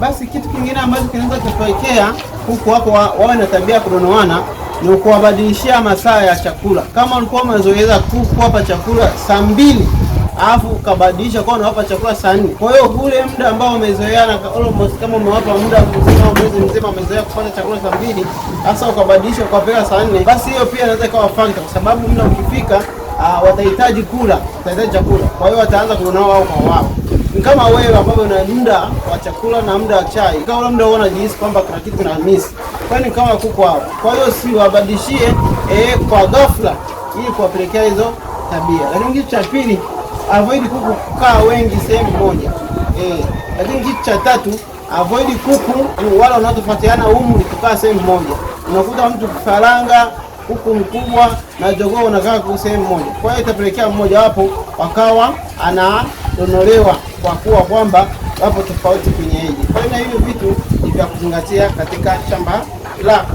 Basi kitu kingine ambacho kinaweza kutokea kuku wako wawe na tabia ya kunonoana ni kuwabadilishia masaa ya chakula. Kama ulikuwa umezoeza tu kuwapa chakula saa mbili alafu ukabadilisha kwa unawapa chakula saa nne. Kwa hiyo ule muda ambao umezoeana almost kama umewapa muda mzima mwezi mzima umezoea kupata chakula saa mbili, sasa ukabadilisha ukapeka saa nne, basi hiyo pia inaweza ikawa fanta, kwa sababu muda ukifika, uh, watahitaji kula, watahitaji chakula, kwa hiyo wataanza kununua wao kwa wao ni kama wewe ambavyo una muda wa chakula na muda wa chai, kama muda unajihisi kwamba kuna kitu kina miss, kwani kama kuko hapo. Kwa hiyo si wabadishie eh, kwa ghafla ili kuwapelekea hizo tabia. Lakini kitu cha pili, avoid kuku kukaa wengi sehemu moja eh. Lakini kitu cha tatu, avoid kuku wala wanaotofautiana umri kukaa sehemu moja. Unakuta mtu kifaranga kuku mkubwa na jogoo unakaa kwa sehemu moja, kwa hiyo itapelekea mmoja wapo wakawa ana kutonolewa kwa kuwa kwamba wapo tofauti kwenye eji. Kwa hiyo hivyo vitu ni vya kuzingatia katika shamba lako.